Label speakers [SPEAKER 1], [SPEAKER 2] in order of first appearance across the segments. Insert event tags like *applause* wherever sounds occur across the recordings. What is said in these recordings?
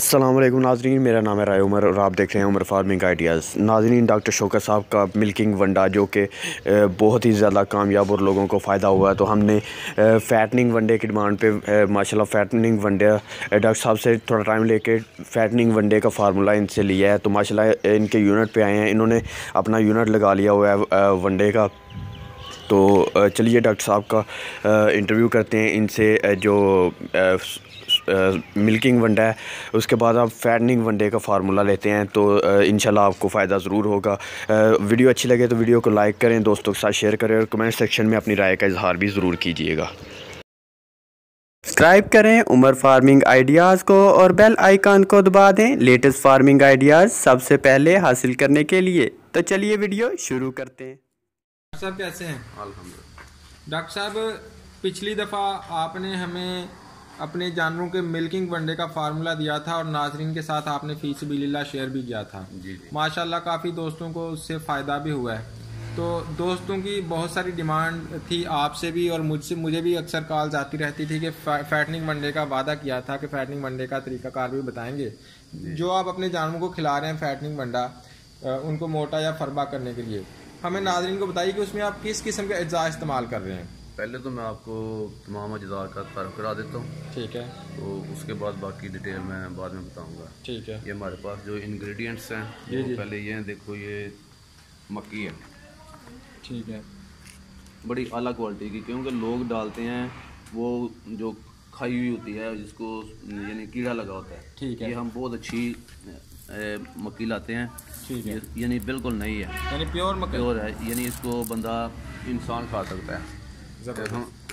[SPEAKER 1] السلام علیکم ناظرین میرا نام ہے رائے عمر اور آپ دیکھ رہے ہیں عمر فارمنگ آئیڈیاز ناظرین ڈاکٹر شوکر صاحب کا ملکنگ ونڈا جو کہ بہت ہی زیادہ کامیاب اور لوگوں کو فائدہ ہوا ہے تو ہم نے فیٹننگ ونڈے کی ڈیمانڈ پہ ماشاءاللہ فیٹننگ ونڈے ڈاکٹر صاحب سے تھوڑا ٹائم لے کے فیٹننگ ونڈے کا فارمولا ان سے لیا ہے تو ماشاءاللہ ان کے یونٹ پہ آئے ہیں انہوں نے اپنا یونٹ لگا لیا ہوا ہے ونڈے کا تو چلیے ڈاکٹر صاحب کا انٹرویو کرتے ہیں ان سے جو ملکنگ ونڈا ہے اس کے بعد آپ فیڈنگ ونڈے کا فارمولا لیتے ہیں تو انشاءاللہ آپ کو فائدہ ضرور
[SPEAKER 2] ہوگا ویڈیو اچھی لگے تو ویڈیو کو لائک کریں دوستوں کے ساتھ شیئر کریں اور کمنٹ سیکشن میں اپنی رائے کا اظہار بھی ضرور کیجیے سبسکرائب کریں عمر فارمنگ آئیڈیاز کو اور بیل آئیکن کو دبا دیں لیٹسٹ فارمنگ آئیڈیاز سب سے پہلے حاصل کرنے کے لیے تو چلیے ویڈیو شروع کرتے ہیں ڈاکٹر صاحب پچھلی دفعہ آپ نے ہمیں اپنے جانوروں کے ملکنگ ونڈے کا فارمولہ دیا تھا اور ناظرین کے ساتھ آپ نے فی سبیل اللہ شیئر بھی کیا تھا جی، جی۔ ماشاء اللہ کافی دوستوں کو اس سے فائدہ بھی ہوا ہے تو دوستوں کی بہت ساری ڈیمانڈ تھی آپ سے بھی اور مجھ سے مجھے بھی اکثر کال جاتی رہتی تھی کہ فیٹنگ ونڈے کا وعدہ کیا تھا کہ فیٹنگ ونڈے کا طریقہ کار بھی بتائیں گے جی۔ جو آپ اپنے جانوروں کو کھلا رہے ہیں فیٹنگ ونڈا ان کو موٹا یا فربا کرنے کے لیے ہمیں ناظرین کو بتائیے کہ اس میں آپ کس قسم کے اجزاء استعمال کر رہے ہیں پہلے تو میں آپ کو تمام اجزاء کا تعارف کرا دیتا
[SPEAKER 1] ہوں ٹھیک ہے تو اس کے بعد باقی ڈیٹیل میں بعد میں بتاؤں گا ٹھیک ہے یہ ہمارے پاس جو انگریڈینٹس ہیں جی جی پہلے یہ ہیں دیکھو یہ مکی ہے ٹھیک ہے بڑی اعلیٰ کوالٹی کی کیونکہ لوگ ڈالتے ہیں وہ جو کھائی ہوئی ہوتی ہے جس کو یعنی کیڑا لگا ہوتا ہے ٹھیک ہے یہ ہم بہت اچھی مکی لاتے ہیں یعنی بالکل نہیں ہے یعنی پیور مکی پیور ہے یعنی اس کو بندہ انسان کھا سکتا ہے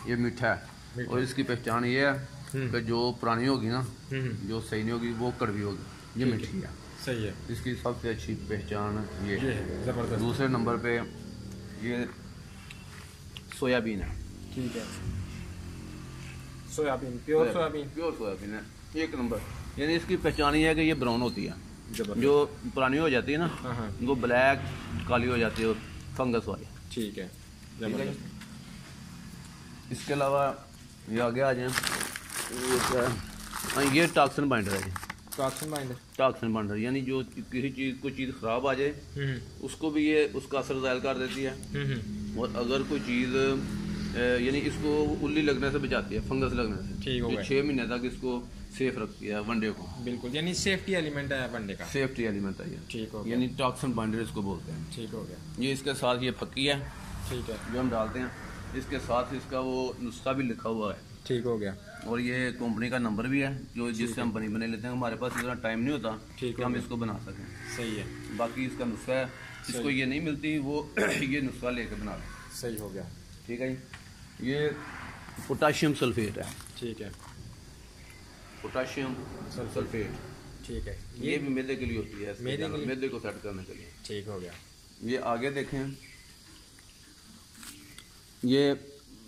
[SPEAKER 1] یہ میٹھا ہے اور اس کی پہچان یہ ہے کہ جو پرانی ہوگی نا جو صحیح نہیں ہوگی وہ کڑوی ہوگی یہ میٹھی ہے اس کی سب سے اچھی پہچان یہ سویابین ٹھیک ہے
[SPEAKER 2] سویابین پیور سویابین ہے ایک نمبر
[SPEAKER 1] یعنی اس کی پہچان یہ ہے کہ یہ براؤن ہوتی ہے جو پرانی ہو جاتی ہے نا ہاں، ہاں۔ وہ بلیک کالی ہو جاتی ہے اور فنگس والی ٹھیک ہے اس کے علاوہ یہ آگے آ جائیں یہ ٹاکسن بائنڈر ہے ٹاکسن بائنڈر یعنی جو کسی چیز کوئی چیز خراب آ جائے اس کو بھی یہ اس کا اثر ظاہر کر دیتی ہے اور اگر کوئی چیز یعنی اس کو لگنے سے بچاتی ہے فنگس لگنے سے چھ مہینے تک اس کو سیف رکھتی ہے ونڈے کو بالکل یعنی سیفٹی سیفٹی ایلیمنٹ ایلیمنٹ ہے ہے ونڈے کا یعنی ٹاکسن بائنڈر اس کو بولتے ہیں ٹھیک ہو گیا یہ اس کے ساتھ یہ پھکی ہے ٹھیک ہے جو ہم ڈالتے ہیں اس کے ساتھ اس کا وہ نسخہ بھی لکھا ہوا ہے ٹھیک ہو گیا اور یہ کمپنی کا نمبر بھی ہے جو جس سے ہم بنی بنے لیتے ہیں ہمارے پاس اتنا ٹائم نہیں ہوتا کہ ہم اس کو بنا سکیں صحیح ہے باقی اس کا نسخہ ہے جس کو یہ نہیں ملتی وہ *clears throat* یہ نسخہ لے کے بنا لیں صحیح ہو گیا ٹھیک ہے جی یہ پوٹاشیم سلفیٹ ہے ٹھیک ہے پوٹاشیم سلفیٹ ٹھیک ہے یہ بھی میدے کے لیے ہوتی ہے میدے کو سیٹ کرنے کے لیے ٹھیک ہو گیا یہ آگے دیکھیں یہ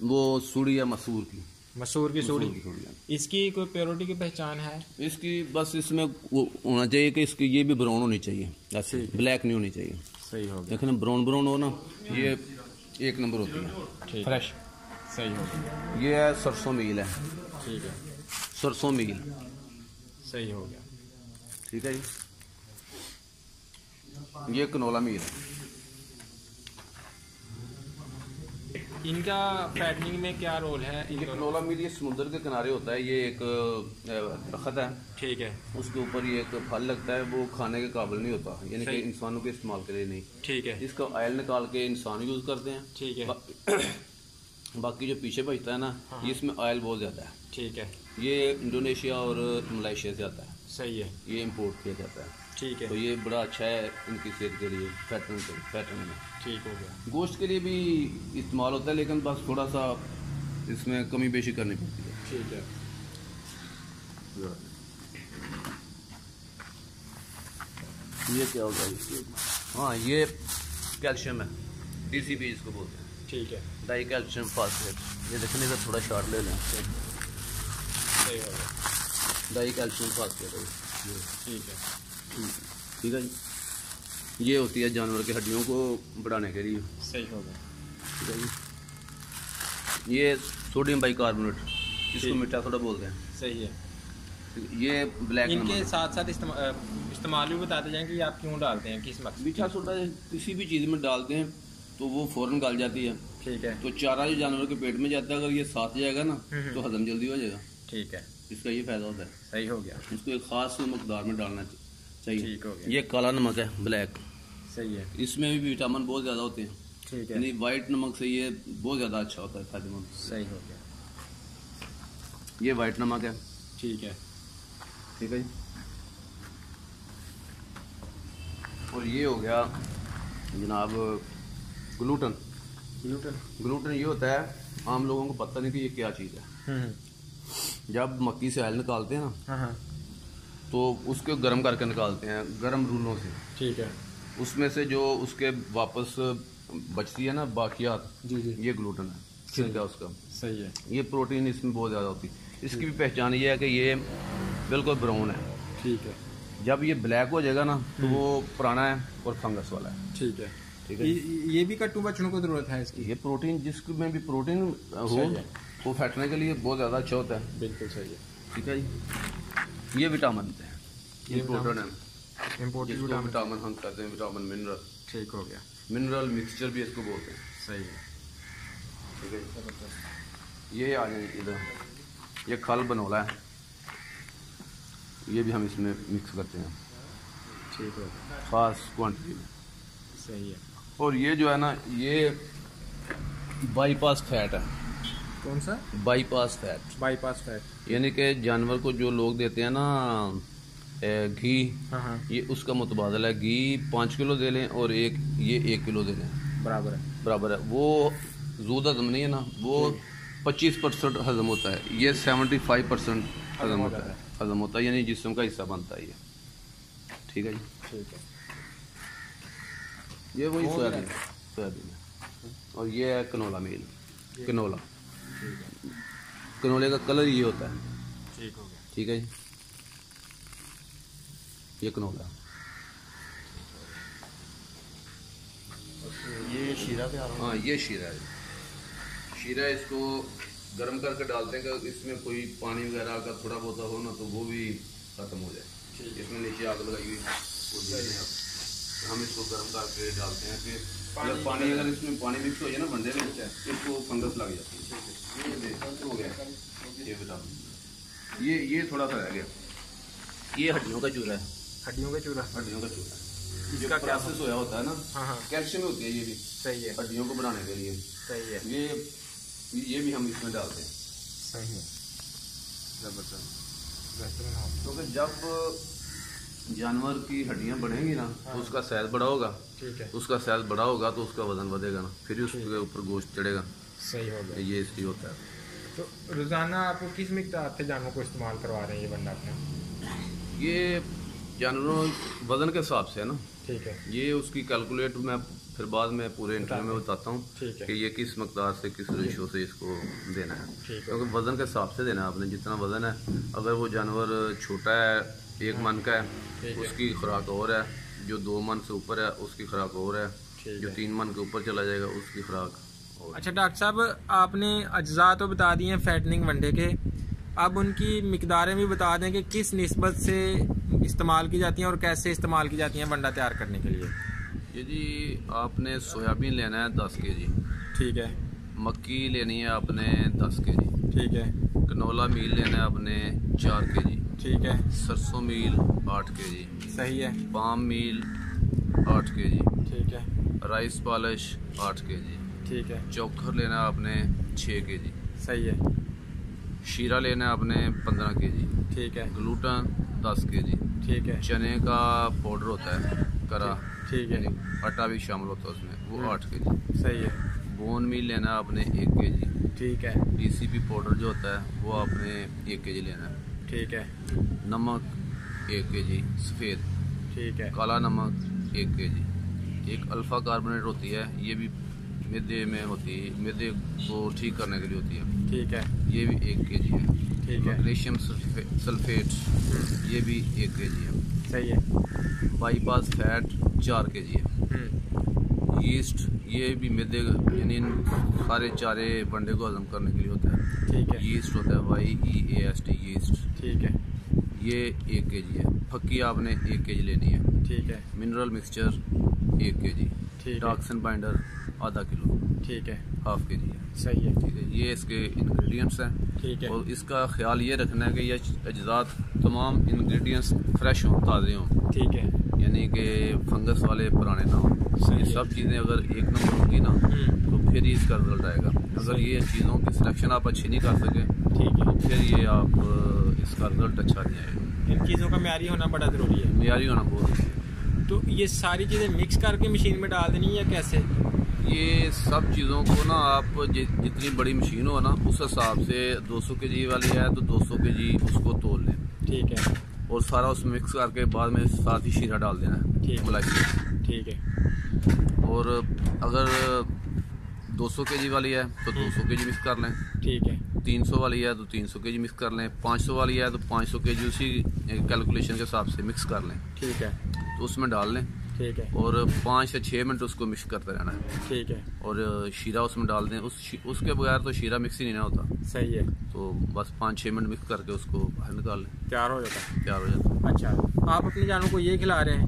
[SPEAKER 1] وہ سوڑی ہے مسور کی مسور کی سوڑی ہاں۔
[SPEAKER 2] اس کی کوئی پیورٹی کی پہچان ہے
[SPEAKER 1] اس کی بس اس میں وہ ہونا چاہیے کہ اس کی یہ بھی براؤن ہونی چاہیے ایسے بلیک نہیں ہونی چاہیے صحیح ہوگا دیکھنا براؤن براؤن ہونا یہ ایک نمبر ہوتی ہے فریش صحیح ہو گیا یہ ہے سرسوں میل ہے ٹھیک ہے سرسوں میل صحیح ہو گیا ٹھیک ہے جی یہ کنولا میل ہے
[SPEAKER 2] ان کا پیڈنگ
[SPEAKER 1] میں کیا رول ہے یہ سمندر کے کنارے ہوتا ہے یہ ایک درخت ہے ٹھیک ہے اس کے اوپر یہ ایک پھل لگتا ہے وہ کھانے کے قابل نہیں ہوتا یعنی کہ انسانوں کے استعمال کے لیے نہیں ٹھیک ہے اس کا آئل نکال کے انسان یوز کرتے ہیں ٹھیک ہے *coughs* باقی جو پیچھے بچتا ہے نا ہاں۔ یہ اس میں آئل بہت زیادہ ہے ٹھیک ہے یہ انڈونیشیا اور ملائیشیا سے آتا ہے صحیح ہے یہ امپورٹ کیا جاتا ہے ٹھیک ہے تو یہ بڑا اچھا ہے ان کی صحت کے لیے فیٹرن کے فیٹرن میں ٹھیک ہو گیا گوشت کے لیے بھی استعمال ہوتا ہے لیکن بس تھوڑا سا اس میں کمی بیشی کرنی پڑتی
[SPEAKER 2] ہے ٹھیک ہے
[SPEAKER 1] یہ کیا ہوگا ہاں یہ کیلشیم ہے ڈی سی بی اس کو بولتے ہیں ٹھیک ہے ڈائی کیلشیم فاسفیٹ یہ دیکھنے کا تھوڑا شارٹ لے لیں ڈائی کیلشیم فاسفیٹ ٹھیک ہے ٹھیک ہے جی یہ ہوتی ہے جانور کے ہڈیوں کو بڑھانے کے لیے
[SPEAKER 2] صحیح ہوگا ٹھیک ہے
[SPEAKER 1] جی۔ یہ سوڈیم بائی کاربونیٹ اس کو میٹھا تھوڑا بولتے ہیں صحیح ہے یہ بلیک ان کے
[SPEAKER 2] ساتھ ساتھ استعمال بھی بتاتے جائیں کہ آپ کیوں ڈالتے ہیں کس مقصد میٹھا سوڈا
[SPEAKER 1] کسی بھی چیز میں ڈالتے ہیں تو وہ فوراً گل جاتی ہے ٹھیک ہے تو چارہ جو جانور کے پیٹ میں جاتا ہے اگر یہ ساتھ جائے گا نا تو ہضم جلدی ہو جائے گا ٹھیک ہے اس کا یہ فائدہ ہوتا ہے صحیح ہو گیا اس کو ایک خاص مقدار میں ڈالنا چاہیے صحیح یہ کالا نمک ہے بلیک صحیح ہے اس میں بھی وٹامن بہت زیادہ ہوتے ہیں ٹھیک ہے یعنی وائٹ نمک سے یہ بہت زیادہ اچھا ہوتا ہے فائدہ مند صحیح ہو گیا یہ وائٹ نمک ہے ٹھیک ہے ٹھیک ہے جی اور یہ ہو گیا جناب گلوٹن گلوٹن گلوٹن یہ ہوتا ہے عام لوگوں کو پتہ نہیں کہ یہ کیا چیز ہے جب مکی سے آئل نکالتے ہیں نا ہاں، ہاں۔ تو اس کے گرم کر کے نکالتے ہیں گرم رولوں سے ٹھیک ہے اس میں سے جو اس کے واپس بچتی ہے نا باقیات جی، جی۔ یہ گلوٹن ہے اس کا صحیح ہے یہ پروٹین اس میں بہت زیادہ ہوتی ہے اس کی جی۔ بھی پہچان یہ ہے کہ یہ بالکل براؤن ہے ٹھیک ہے جب یہ بلیک ہو جائے گا نا تو وہ پرانا ہے اور فنگس والا ہے ٹھیک ہے ٹھیک ہے یہ
[SPEAKER 2] بھی کٹو بچوں کو ضرورت ہے اس کی یہ پروٹین جس میں بھی پروٹین ہو
[SPEAKER 1] وہ پھیٹنے کے لیے بہت زیادہ اچھا ہوتا ہے بالکل صحیح ہے ٹھیک ہے جی یہ وٹامن دیتے ہیں ہم کہتے ہیں وٹامن منرل ٹھیک ہو گیا منرل مکسچر بھی اس کو بولتے ہیں صحیح ہے یہ آ ادھر یہ کھل بنولا ہے یہ بھی ہم اس میں مکس کرتے ہیں ٹھیک ہے خاص کوانٹٹی میں صحیح ہے اور یہ جو ہے نا یہ بائی پاس فیٹ ہے کون سا bypass fat
[SPEAKER 2] bypass fat
[SPEAKER 1] یعنی کہ جانور کو جو لوگ دیتے ہیں نا گھی ہاں، ہاں۔ یہ اس کا متبادل ہے گھی پانچ کلو دے لیں اور ایک یہ ایک کلو دے لیں برابر ہے برابر ہے وہ زود ہضم نہیں ہے نا وہ جی۔ پچیس پرسینٹ ہضم ہوتا ہے یہ سیونٹی فائیو پرسینٹ ہضم ہوتا ہے ہضم ہوتا ہے یعنی جسم کا حصہ بنتا ہے یہ ٹھیک ہے جی یہ وہی سویابین سویابین ہے اور یہ ہے کنولا میل جی۔ کنولا کنولے کا کلر یہ ہوتا ہے ٹھیک ہے جی یہ کنولا ہاں یہ شیرہ ہے شیرہ اس کو گرم کر کے ڈالتے ہیں اس میں کوئی پانی وغیرہ کا تھوڑا بہت ہو نا تو وہ بھی ختم ہو جائے اس میں نیچے آگ لگائی ہوئی ہم اس کو گرم کر کے ڈالتے ہیں کہ اگر پانی اگر اس میں پانی مکس ہو جائے نا منڈے میں یہ یہ تھوڑا سا رہ گیا یہ ہڈیوں کا چورا ہے سویا ہوتا ہے نا ہاں، ہاں۔ یہ ہڈیوں کو بنانے کے لیے یہ بھی ہم اس میں ڈالتے جب جانور کی ہڈیاں بڑھیں گی نا ہاں۔ تو اس کا سیل بڑا ہوگا اس کا سائز بڑا ہوگا تو اس کا وزن بڑے گا پھر اس کے اوپر گوشت چڑے گا یہ اس کی
[SPEAKER 2] ہوتا ہے تو روزانہ آپ کو کس مقدار سے جانوروں کو استعمال کروا رہے ہیں یہ بندہ اپنا
[SPEAKER 1] یہ جانوروں وزن کے حساب سے ہے نا یہ اس کی کیلکولیٹ میں پھر بعد میں پورے انٹرویو میں بتاتا ہوں کہ یہ کس مقدار سے کس ریشو سے اس کو دینا ہے کیونکہ وزن کے حساب سے دینا ہے آپ نے جتنا وزن ہے اگر وہ جانور چھوٹا ہے ایک ہاں۔ من کا ہے اس کی خوراک اور ہے جو دو من سے اوپر ہے اس کی خوراک اور ہے جو تین من کے اوپر چلا جائے گا اس کی خوراک
[SPEAKER 2] اچھا ڈاکٹر صاحب آپ نے اجزاء تو بتا دیے فیٹننگ ونڈے کے اب ان کی مقداریں بھی بتا دیں کہ کس نسبت سے استعمال کی جاتی ہیں اور کیسے استعمال کی جاتی ہیں ونڈا تیار کرنے کے لیے یہ جی
[SPEAKER 1] آپ نے سویابین لینا ہے دس کے جی ٹھیک ہے مکی لینی ہے آپ نے دس کے جی ٹھیک ہے کنولا میل لینا ہے آپ نے چار کے جی ٹھیک ہے سرسوں میل آٹھ کے جی صحیح ہے پام میل آٹھ کے جی ٹھیک ہے رائس پالش آٹھ کے جی ٹھیک ہے چوکھر لینا آپ نے چھ کے جی صحیح ہے شیرہ لینا ہے آپ نے پندرہ کے جی ٹھیک ہے گلوٹن دس کے جی ٹھیک ہے چنے کا پاؤڈر ہوتا ہے کرا ٹھیک ہے یعنی آٹا بھی شامل ہوتا ہے اس میں وہ آٹھ کے جی صحیح ہے بون میل لینا ہے آپ نے ایک کے جی ٹھیک ہے ڈی سی پی پاؤڈر جو ہوتا ہے وہ آپ نے ایک کے جی لینا ہے ٹھیک ہے نمک ایک کے جی سفید ٹھیک ہے کالا نمک ایک کے جی ایک الفا کاربونیٹ ہوتی ہے یہ بھی میدے میں ہوتی ہے میدے کو ٹھیک کرنے کے لیے ہوتی ہے ٹھیک ہے یہ بھی ایک کے جی ہے ٹھیک ہے میگنیشیم سلفیٹ یہ بھی ایک کے جی ہے صحیح ہے بائی پاس فیٹ چار کے جی ہے یسٹ یہ بھی میدے یعنی سارے چارے بنڈے کو ہضم کرنے کے لیے ٹھیک ہے ہوتا ہے Y E A S T yeast یہ ایک کے جی ہے پھکی آپ نے ایک کے جی لینی ہے ٹھیک ہے منرل مکسچر ایک کے جی ڈاکسن بائنڈر آدھا کلو ٹھیک ہے ہاف کے جی ہے ٹھیک ہے یہ اس کے انگریڈینٹس ہیں ٹھیک ہے اور اس کا خیال یہ رکھنا ہے کہ یہ اجزات تمام انگریڈینٹس فریش ہوں تازے ہوں ٹھیک ہے یعنی کہ فنگس والے پرانے نہ یہ سب چیزیں اگر ایک نمبر ہوں گی نا تو پھر ہی اس کا رزلٹ آئے گا اگر یہ چیزوں کی
[SPEAKER 2] سلیکشن آپ اچھی نہیں کر سکے ٹھیک ہے پھر یہ آپ اس کا رزلٹ اچھا نہیں آئے ان چیزوں کا معیاری ہونا بڑا ضروری ہے معیاری ہونا بہت ضروری ہے تو یہ ساری چیزیں مکس کر کے مشین میں ڈال دینی یا کیسے یہ سب چیزوں کو نا آپ جی-, جتنی بڑی مشین ہو
[SPEAKER 1] نا اس حساب سے دو سو کے جی والی ہے تو دو سو کے جی اس کو تول لیں ٹھیک ہے اور سارا اس مکس کر کے بعد میں ساتھ ہی شیرہ ڈال دینا ہے ٹھیک ہے ٹھیک ہے اور اگر دو سو کے جی والی ہے تو دو سو کے جی مکس کر لیں تین سو والی ہے تو تین سو کے جی مکس کر لیں پانچ سو والی ہے تو پانچ سو کے جی اسی کیلکولیشن اور پانچ سے منٹ اس کو مکس رہنا ہے اور شیرہ اس میں ڈال دیں اس کے بغیر تو شیرہ مکس ہی نہیں ہوتا صحیح ہے تو بس پانچ چھ منٹ مکس کر کے اس کو باہر نکال لیں تیار ہو جاتا تیار ہو جاتا
[SPEAKER 2] ہے اچھا آپ اپنے جانوں کو یہ کھلا رہے ہیں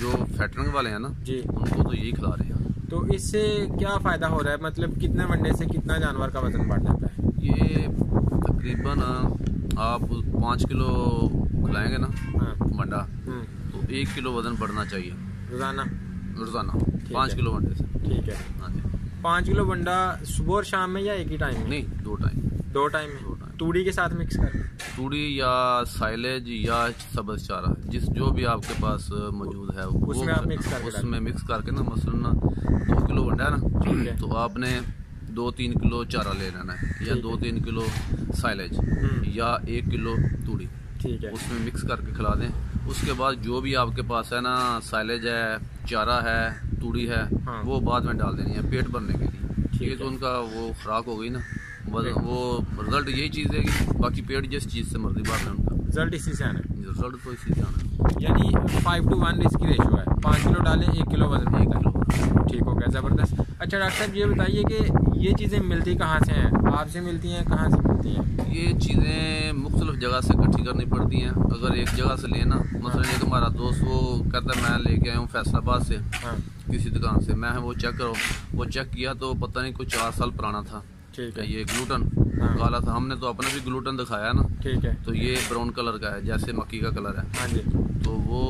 [SPEAKER 2] جو فیٹرنگ والے ہیں نا جی ان کو تو یہی کھلا رہے ہیں تو اس سے کیا فائدہ ہو رہا ہے مطلب کتنے منڈے سے کتنا جانور کا وزن بڑھ جاتا ہے یہ تقریباً آپ پانچ کلو
[SPEAKER 1] کھلائیں گے نا ہاں۔ منڈا تو ایک کلو وزن بڑھنا چاہیے روزانہ روزانہ پانچ کلو منڈے سے
[SPEAKER 2] ٹھیک ہے ہاں جی پانچ کلو منڈا صبح اور شام میں یا ایک ہی ٹائم نہیں دو ٹائم دو ٹائم میں توڑی کے ساتھ مکس کر
[SPEAKER 1] توڑی یا یا سبز چارہ جس جو بھی آپ کے پاس موجود ہے اس میں آپ مکس کر کے نا مثلا دو کلو گنڈا ہے نا تو آپ نے دو تین کلو چارہ لے لینا یا دو تین کلو سائلج یا ایک کلو توڑی اس میں مکس کر کے کھلا دیں اس کے بعد جو بھی آپ کے پاس ہے نا سائلج ہے چارہ ہے توڑی ہے ہاں۔ وہ بعد میں ڈال دینی ہے پیٹ بھرنے کے لیے یہ تو ان کا وہ خوراک ہو گئی نا جی۔ وہ رزلٹ یہی چیز ہے کہ باقی پیڑ جس چیز سے مرضی بات ہے ان کا رزلٹ اسی سے آنا ہے
[SPEAKER 2] رزلٹ جی، تو اسی سے آنا ہے یعنی فائیو ٹو ون اس کی ریشو ہے پانچ کلو ڈالیں ایک کلو وزن ایک کلو ٹھیک ہو گیا زبردست اچھا ڈاکٹر صاحب یہ بتائیے کہ یہ چیزیں ملتی کہاں سے ہیں آپ سے ملتی ہیں کہاں سے ملتی ہیں یہ چیزیں مختلف جگہ سے اکٹھی کرنی پڑتی ہیں اگر
[SPEAKER 1] ایک جگہ سے لینا مثلا ایک تمہارا دوست وہ کہتا ہے میں لے کے آیا ہوں فیصل آباد سے ہاں۔ کسی دکان سے میں وہ چیک کرو وہ چیک کیا تو پتہ نہیں کوئی چار سال پرانا تھا ٹھیک ہے یہ گلوٹن ہاں۔ کالا تھا ہم نے تو اپنا بھی گلوٹن دکھایا نا ٹھیک ہے تو یہ براؤن کلر کا ہے جیسے مکی کا کلر ہے ہاں جی تو وہ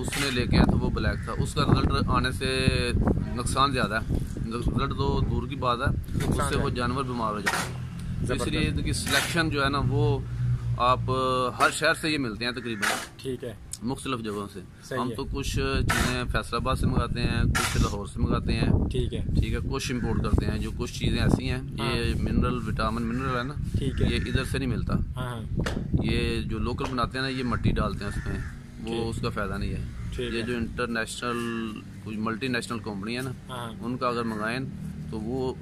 [SPEAKER 1] اس نے لے کے آیا تو وہ بلیک تھا اس کا رزلٹ آنے سے نقصان زیادہ ہے رزلٹ تو دور کی بات ہے اس سے وہ جانور بیمار ہو جاتا ہے اس لیے سلیکشن جو ہے نا وہ آپ ہر شہر سے یہ ملتے ہیں تقریباً ٹھیک ہے مختلف جگہوں سے ہم تو کچھ چیزیں فیصل آباد سے منگاتے ہیں کچھ لاہور سے منگاتے ہیں ٹھیک ہے ٹھیک ہے کچھ امپورٹ کرتے ہیں جو کچھ چیزیں ایسی ہیں ہاں۔ یہ منرل وٹامن منرل ہے نا یہ ادھر سے نہیں ملتا
[SPEAKER 2] ہاں، ہاں۔
[SPEAKER 1] یہ جو لوکل بناتے ہیں نا یہ مٹی ڈالتے ہیں اس میں وہ اس کا فائدہ نہیں ہے یہ جو انٹرنیشنل کچھ ملٹی نیشنل کمپنی ہے نا ان کا اگر منگائیں تو وہ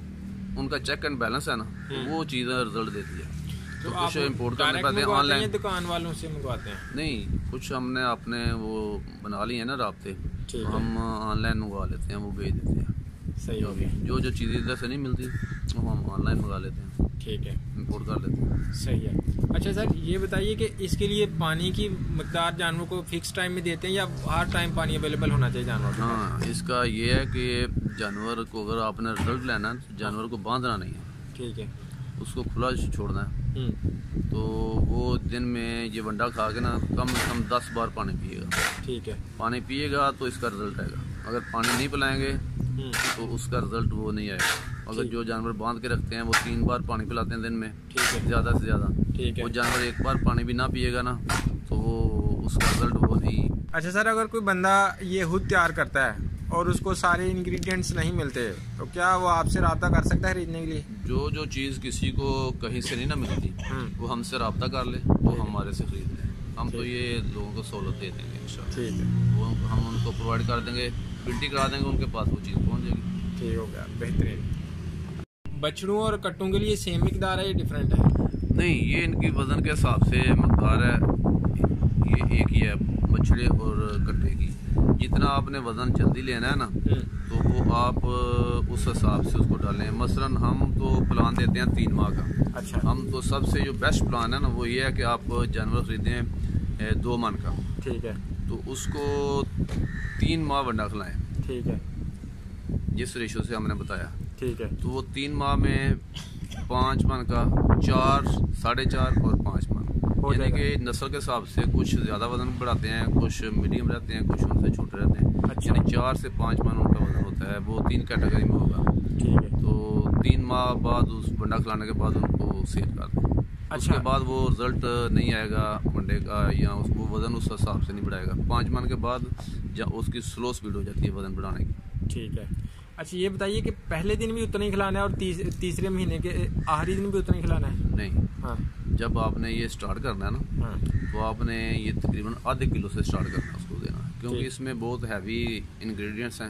[SPEAKER 1] ان کا چیک اینڈ بیلنس ہے نا وہ چیزیں رزلٹ دیتی ہے کچھ امپورٹ کرنے پڑتے ہیں آن لائن
[SPEAKER 2] دکان والوں سے منگواتے ہیں
[SPEAKER 1] نہیں کچھ ہم نے اپنے وہ بنا لی ہیں نا رابطے ہم آن لائن منگوا لیتے
[SPEAKER 2] ہیں وہ بھیج دیتے ہیں صحیح جو جو چیزیں ادھر سے نہیں ملتی وہ ہم آن لائن منگا لیتے ہیں ٹھیک ہے امپورٹ کر لیتے ہیں صحیح ہے اچھا سر یہ بتائیے کہ اس کے لیے پانی کی مقدار جانور کو فکس ٹائم میں دیتے ہیں یا ہر ٹائم پانی اویلیبل ہونا چاہیے جانور ہاں اس کا
[SPEAKER 1] یہ ہے کہ جانور کو اگر آپ نے رزلٹ لینا ہے جانور کو باندھنا نہیں ہے ٹھیک ہے اس کو کھلا چھوڑنا ہے تو وہ دن میں یہ ونڈا کھا کے نا کم از کم دس بار پانی پیے گا ٹھیک ہے پانی پیے گا تو اس کا رزلٹ آئے گا اگر پانی نہیں پلائیں گے تو اس کا رزلٹ وہ نہیں آئے گا اگر جو جانور باندھ کے رکھتے ہیں وہ تین بار پانی پلاتے ہیں دن میں زیادہ سے زیادہ وہ جانور ایک بار پانی بھی نہ پیے گا نا تو
[SPEAKER 2] وہ اس کا رزلٹ وہ نہیں اچھا سر اگر کوئی بندہ یہ خود تیار کرتا ہے اور اس کو سارے انگریڈینٹس نہیں ملتے تو کیا وہ آپ سے رابطہ کر سکتا ہے خریدنے کے لیے
[SPEAKER 1] جو جو چیز کسی کو کہیں سے نہیں نہ ملتی ہاں۔ وہ ہم سے رابطہ کر لے وہ ہمارے سے خرید لیں ہم تو یہ لوگوں کو سہولت دے دیں گے ان شاء اللہ ٹھیک ہے ہم ان کو پرووائڈ کر دیں گے بلٹی کرا دیں گے ان کے
[SPEAKER 2] پاس وہ چیز پہنچ جائے گی ٹھیک ہو گیا بہترین بچڑوں اور کٹوں کے لیے سیم مقدار ہے یہ ڈفرینٹ ہے نہیں یہ ان کی وزن کے حساب سے مقدار ہے
[SPEAKER 1] یہ ایک ہی ہے بچڑے اور کٹے کی جتنا آپ نے وزن جلدی لینا ہے نا تو وہ آپ اس حساب سے اس کو ڈالیں مثلا ہم تو پلان دیتے ہیں تین ماہ کا اچھا۔ ہم تو سب سے جو بیسٹ پلان ہے نا وہ یہ ہے کہ آپ جانور خریدیں دو من کا ٹھیک ہے تو اس کو تین ماہ ونڈا کھلائیں ٹھیک ہے جس ریشو سے ہم نے بتایا ٹھیک ہے تو وہ تین ماہ میں پانچ من کا چار ساڑھے چار اور پانچ من یعنی کہ نسل کے حساب سے کچھ زیادہ وزن بڑھاتے ہیں کچھ میڈیم رہتے ہیں کچھ ان سے چھوٹے رہتے ہیں اچھا۔ یعنی چار سے پانچ ماہ ان کا وزن ہوتا ہے وہ تین کیٹیگری میں ہوگا تو تین ماہ بعد اس بنڈا کھلانے کے بعد ان کو سیل کر دیں اس کے بعد وہ رزلٹ نہیں آئے گا منڈے کا یا اس کو وزن اس حساب سے نہیں بڑھائے گا پانچ ماہ کے بعد جا اس کی سلو سپیڈ ہو جاتی ہے وزن بڑھانے کی
[SPEAKER 2] ٹھیک ہے اچھا یہ بتائیے کہ پہلے دن بھی اتنا ہی کھلانا ہے اور تیسرے مہینے کے آخری دن بھی اتنا ہی کھلانا ہے
[SPEAKER 1] نہیں ہاں جب آپ نے یہ اسٹارٹ کرنا ہے نا ہاں۔ تو آپ نے یہ تقریباً آدھے کلو سے اسٹارٹ کرنا اس کو دینا کیونکہ اس میں بہت ہیوی انگریڈینٹس ہیں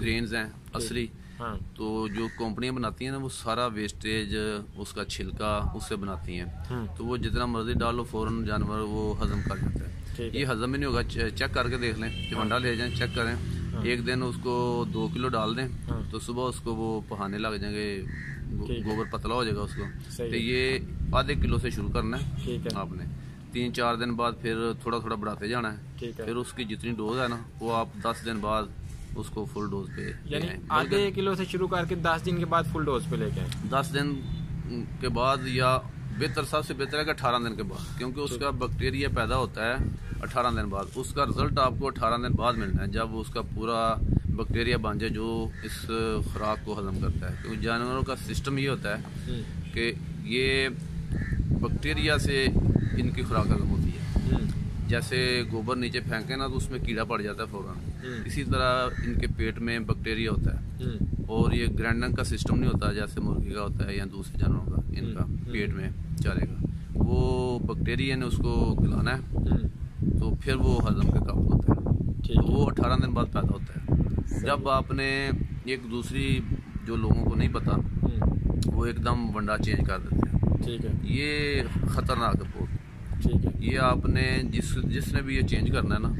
[SPEAKER 1] گرینز ہاں۔ ہیں اصلی ہاں۔ تو جو کمپنیاں بناتی ہیں نا وہ سارا ویسٹیج اس کا چھلکا اس سے بناتی ہیں تو وہ جتنا مرضی ڈالو فوراً جانور وہ ہضم کر جاتا ہے یہ ہضم ہی نہیں ہوگا چیک کر کے دیکھ لیں کہ انڈا لے جائیں چیک کریں ایک دن اس کو دو کلو ڈال دیں تو صبح اس کو وہ پہانے لگ جائیں گے گوبر پتلا ہو جائے گا اس یہ آدھے کلو سے شروع کرنا ہے آپ نے تین چار دن بعد پھر تھوڑا تھوڑا بڑھاتے جانا ہے پھر اس کی جتنی ڈوز ہے نا وہ آپ دس دن بعد اس کو فل ڈوز پہ یعنی
[SPEAKER 2] آدھے کلو سے شروع کر کے دس دن کے بعد فل ڈوز پہ لے کے دس دن
[SPEAKER 1] کے بعد یا بہتر سب سے بہتر ہے کہ اٹھارہ دن کے بعد کیونکہ اس کا بیکٹیریا پیدا ہوتا ہے اٹھارہ دن بعد اس کا ریزلٹ آپ کو اٹھارہ دن بعد ملنا ہے جب اس کا پورا بیکٹیریا بانجے جو اس خوراک کو ہضم کرتا ہے کیونکہ جانوروں کا سسٹم یہ ہوتا ہے جی۔ کہ یہ بکٹیریا سے ان کی خوراک ہضم ہوتی ہے جی۔ جیسے گوبر نیچے پھینکے نا تو اس میں کیڑا پڑ جاتا ہے فوراً جی۔ اسی طرح ان کے پیٹ میں بیکٹیریا ہوتا ہے اور یہ گرینڈنگ کا سسٹم نہیں ہوتا جیسے مرغی کا ہوتا ہے یا دوسرے جانوروں کا ان کا پیٹ میں چارے گا وہ بکٹیریا نے اس کو کھلانا ہے تو پھر وہ حضم کے قابل ہوتا ہے تو وہ اٹھارہ دن بعد پیدا ہوتا ہے جب آپ نے ایک دوسری جو لوگوں کو نہیں پتا وہ ایک دم ونڈا چینج کر دیتے ٹھیک ہے یہ خطرناک بہت یہ آپ نے جس جس نے بھی یہ چینج کرنا ہے نا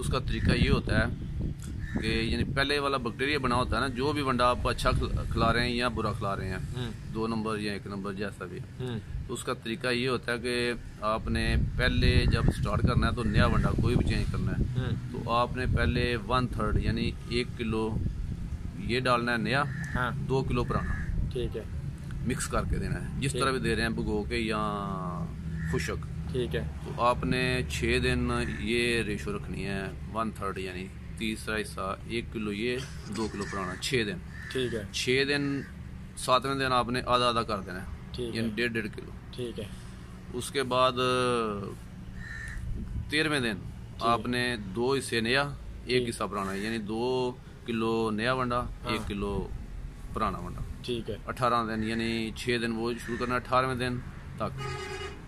[SPEAKER 1] اس کا طریقہ یہ ہوتا ہے کہ یعنی پہلے والا بیکٹیریا بنا ہوتا ہے نا جو بھی ونڈا آپ اچھا کھلا رہے ہیں یا برا کھلا رہے ہیں دو نمبر یا ایک نمبر جیسا بھی اس کا طریقہ یہ ہوتا ہے کہ آپ نے پہلے جب سٹارٹ کرنا ہے تو نیا ونڈا کوئی بھی چینج کرنا ہے آپ نے پہلے ون تھرڈ یعنی ایک کلو یہ ڈالنا ہے نیا ہاں۔ دو کلو پرانا ٹھیک ہے مکس کر کے دینا ہے جس طرح بھی دے رہے ہیں بگو کے یا خشک ٹھیک ہے تو آپ نے چھ دن یہ ریشو رکھنی ہے ون تھرڈ یعنی تیسرا حصہ ایک کلو یہ
[SPEAKER 2] دو کلو پرانا چھ دن
[SPEAKER 1] ٹھیک ہے چھ دن ساتویں دن آپ نے آدھا آدھا کر دینا ہے یعنی ڈیڑھ ڈیڑھ کلو ٹھیک ہے اس کے بعد تیرویں دن جی۔ آپ نے دو حصے نیا ایک جی۔ حصہ پرانا یعنی دو کلو نیا بنڈا ہاں۔ ایک کلو پرانا بنڈا اٹھارہ دن یعنی چھ دن وہ شروع کرنا اٹھارہ دن تک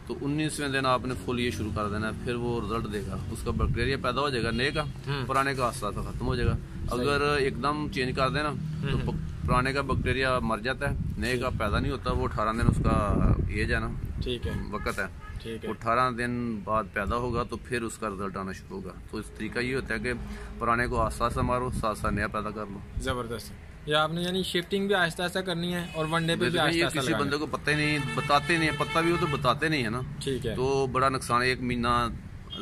[SPEAKER 1] تو انیسویں دن آپ نے فل یہ شروع کر دینا پھر وہ رزلٹ دے گا اس کا بیکٹیریا پیدا ہو جائے گا نئے کا ہاں۔ پرانے کا ختم ہو جائے گا اگر ایک دم چینج کر دینا تو ہاں۔ پرانے کا بیکٹیریا مر جاتا ہے نئے کا پیدا نہیں ہوتا وہ اٹھارہ دن اس کا یہ جانا وقت ہے اٹھارہ دن بعد پیدا ہوگا تو پھر اس کا رزلٹ آنا شروع ہوگا تو اس طریقہ یہ ہوتا ہے کہ پرانے کو آستہ آستہ مارو ساتھ نیا پیدا کر لو زبردست
[SPEAKER 2] یہ آپ نے یعنی شفٹنگ بھی آہستہ آہستہ کرنی ہے اور ون ڈے پہ بھی آہستہ کسی بندے کو
[SPEAKER 1] پتہ ہی نہیں بتاتے نہیں پتہ بھی ہو تو بتاتے نہیں ہے نا ٹھیک ہے تو بڑا نقصان ایک مہینہ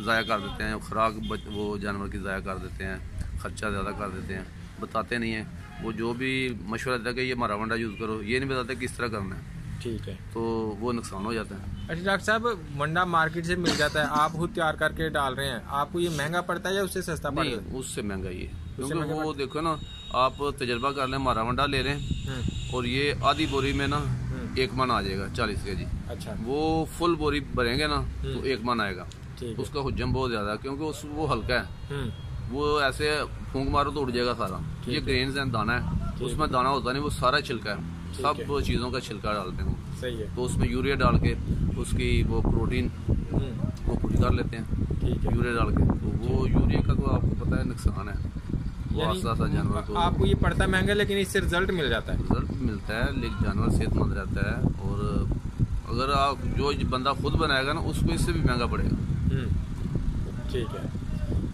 [SPEAKER 1] ضائع کر دیتے ہیں خوراک وہ جانور کی ضائع کر دیتے ہیں خرچہ زیادہ کر دیتے ہیں بتاتے نہیں ہیں وہ جو بھی مشورہ دیتا ہے کہ یہ ہمارا ونڈا یوز کرو یہ نہیں بتاتا کس طرح کرنا ہے ٹھیک ہے تو وہ نقصان ہو جاتا ہے
[SPEAKER 2] اچھا ڈاکٹر صاحب ونڈا مارکیٹ سے مل جاتا ہے آپ خود تیار کر کے ڈال رہے ہیں آپ کو یہ مہنگا پڑتا ہے یا اس سے سستا پڑتا ہے اس سے مہنگا یہ کیونکہ وہ دیکھو نا
[SPEAKER 1] آپ تجربہ کر لیں ہمارا ونڈا لے رہے ہیں اور یہ آدھی بوری میں نا ایک من آ جائے گا چالیس کے جی اچھا وہ فل بوری بھریں گے نا تو ایک من آئے گا اس کا حجم بہت زیادہ کیونکہ وہ ہلکا ہے وہ ایسے پھونک مارو تو اڑ جائے گا سارا یہ گرینز ہیں دانا ہے اس میں دانا ہوتا نہیں وہ سارا چھلکا ہے سب چیزوں کا چھلکا ڈالتے ہیں تو اس میں یوریا ڈال کے اس کی وہ پروٹین وہ کچھ کر لیتے ہیں یوریا ڈال کے تو تو وہ یوریا کا آپ کو پتہ ہے نقصان ہے یعنی آپ کو یہ پڑتا ہے مہنگا لیکن اس سے ریزلٹ مل جاتا ہے رزلٹ ملتا ہے لیکن جانور صحت مند رہتا ہے اور اگر آپ جو بندہ خود بنائے گا نا اس کو اس سے بھی مہنگا پڑے گا ٹھیک ہے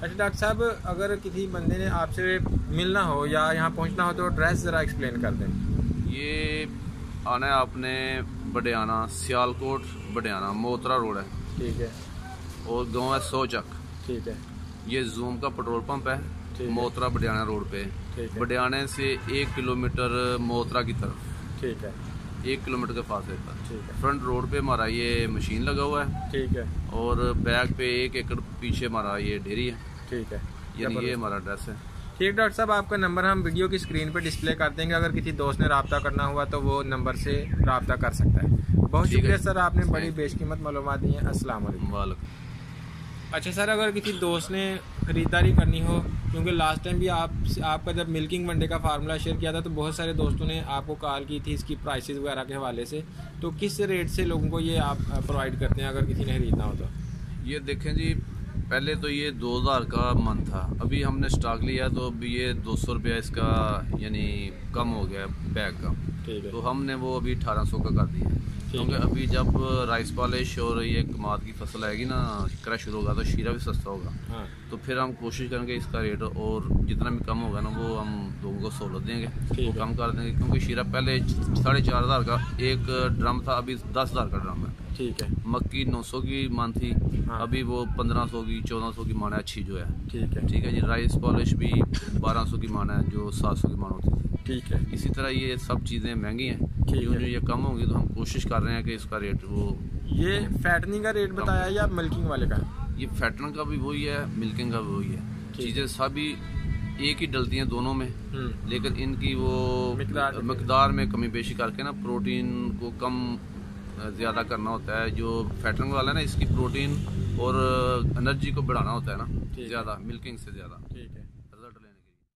[SPEAKER 2] اچھا ڈاکٹر صاحب اگر کسی بندے نے آپ سے ملنا ہو یا یہاں پہنچنا ہو تو ایڈریس ذرا ایکسپلین کر دیں
[SPEAKER 1] یہ آنا ہے آپ نے بڈیا سیال کوٹ بڈیا موترا روڈ ہے ٹھیک ہے اور گاؤں ہے سو چک ٹھیک ہے یہ زوم کا پٹرول پمپ ہے موترا بڈیا روڈ پہ بڈیانے سے ایک کلو میٹر کی طرف ٹھیک ہے ایک کلو میٹر کے پاس فرنٹ روڈ پہ ہمارا یہ مشین لگا ہوا ہے ٹھیک ہے اور بیک پہ ایک ایکڑ
[SPEAKER 2] پیچھے ہمارا یہ ڈیری ہے ٹھیک ہے یعنی یہ ہمارا ایڈریس ہے ٹھیک ڈاکٹر صاحب آپ کا نمبر ہم ویڈیو کی اسکرین پہ ڈسپلے کر دیں گے اگر کسی دوست نے رابطہ کرنا ہوا تو وہ نمبر سے رابطہ کر سکتا ہے بہت شکریہ سر آپ نے بڑی بیش قیمت معلومات دی ہیں السلام علیکم اچھا سر اگر کسی دوست نے خریداری کرنی ہو کیونکہ لاسٹ ٹائم بھی آپ آپ کا جب ملکنگ ونڈے کا فارمولا شیئر کیا تھا تو بہت سارے دوستوں نے آپ کو کال کی تھی اس کی پرائسز وغیرہ کے حوالے سے تو کس ریٹ سے لوگوں کو یہ آپ پرووائڈ کرتے ہیں اگر کسی نے خریدنا ہو تو یہ دیکھیں جی
[SPEAKER 1] پہلے تو یہ دو ہزار کا من تھا ابھی ہم نے اسٹاک لیا تو ابھی یہ دو سو روپیہ اس کا یعنی کم ہو گیا بیگ کا تو ہم نے وہ ابھی اٹھارہ سو کا کر دیا کیونکہ ابھی جب رائس پالش اور یہ کماد کی فصل آئے گی نا کرا شروع ہوگا تو شیرہ بھی سستا ہوگا ہاں۔ تو پھر ہم کوشش کریں گے اس کا ریٹ اور جتنا بھی کم ہوگا نا وہ ہم لوگوں کو سہولت دیں گے وہ کم کر دیں گے کیونکہ شیرہ پہلے ساڑھے چار ہزار کا ایک ڈرم تھا ابھی دس ہزار کا ڈرم ہے مکی نو سو کی مان تھی ہاں۔ ابھی وہ پندرہ سو کی چودہ سو کی مان ہے اچھی جو ہے ٹھیک ہے جی رائس پالش بھی بارہ سو کی مان ہے جو سات سو کی مان ہوتی تھی اسی طرح یہ سب چیزیں مہنگی ہیں جو یہ کم ہوں گی تو ہم کوشش کر رہے ہیں کہ اس کا ریٹ وہ
[SPEAKER 2] یہ فیٹنگ کا ریٹ بتایا یا ملکنگ والے کا
[SPEAKER 1] یہ فیٹنگ کا بھی وہی ہے ملکنگ کا بھی وہی ہے چیزیں سبھی ایک ہی ڈلتی ہیں دونوں میں لیکن ان کی وہ مقدار میں کمی بیشی کر کے نا پروٹین کو کم زیادہ کرنا ہوتا ہے جو فیٹنگ والا ہے نا اس کی پروٹین اور انرجی کو بڑھانا ہوتا ہے نا زیادہ ملکنگ سے زیادہ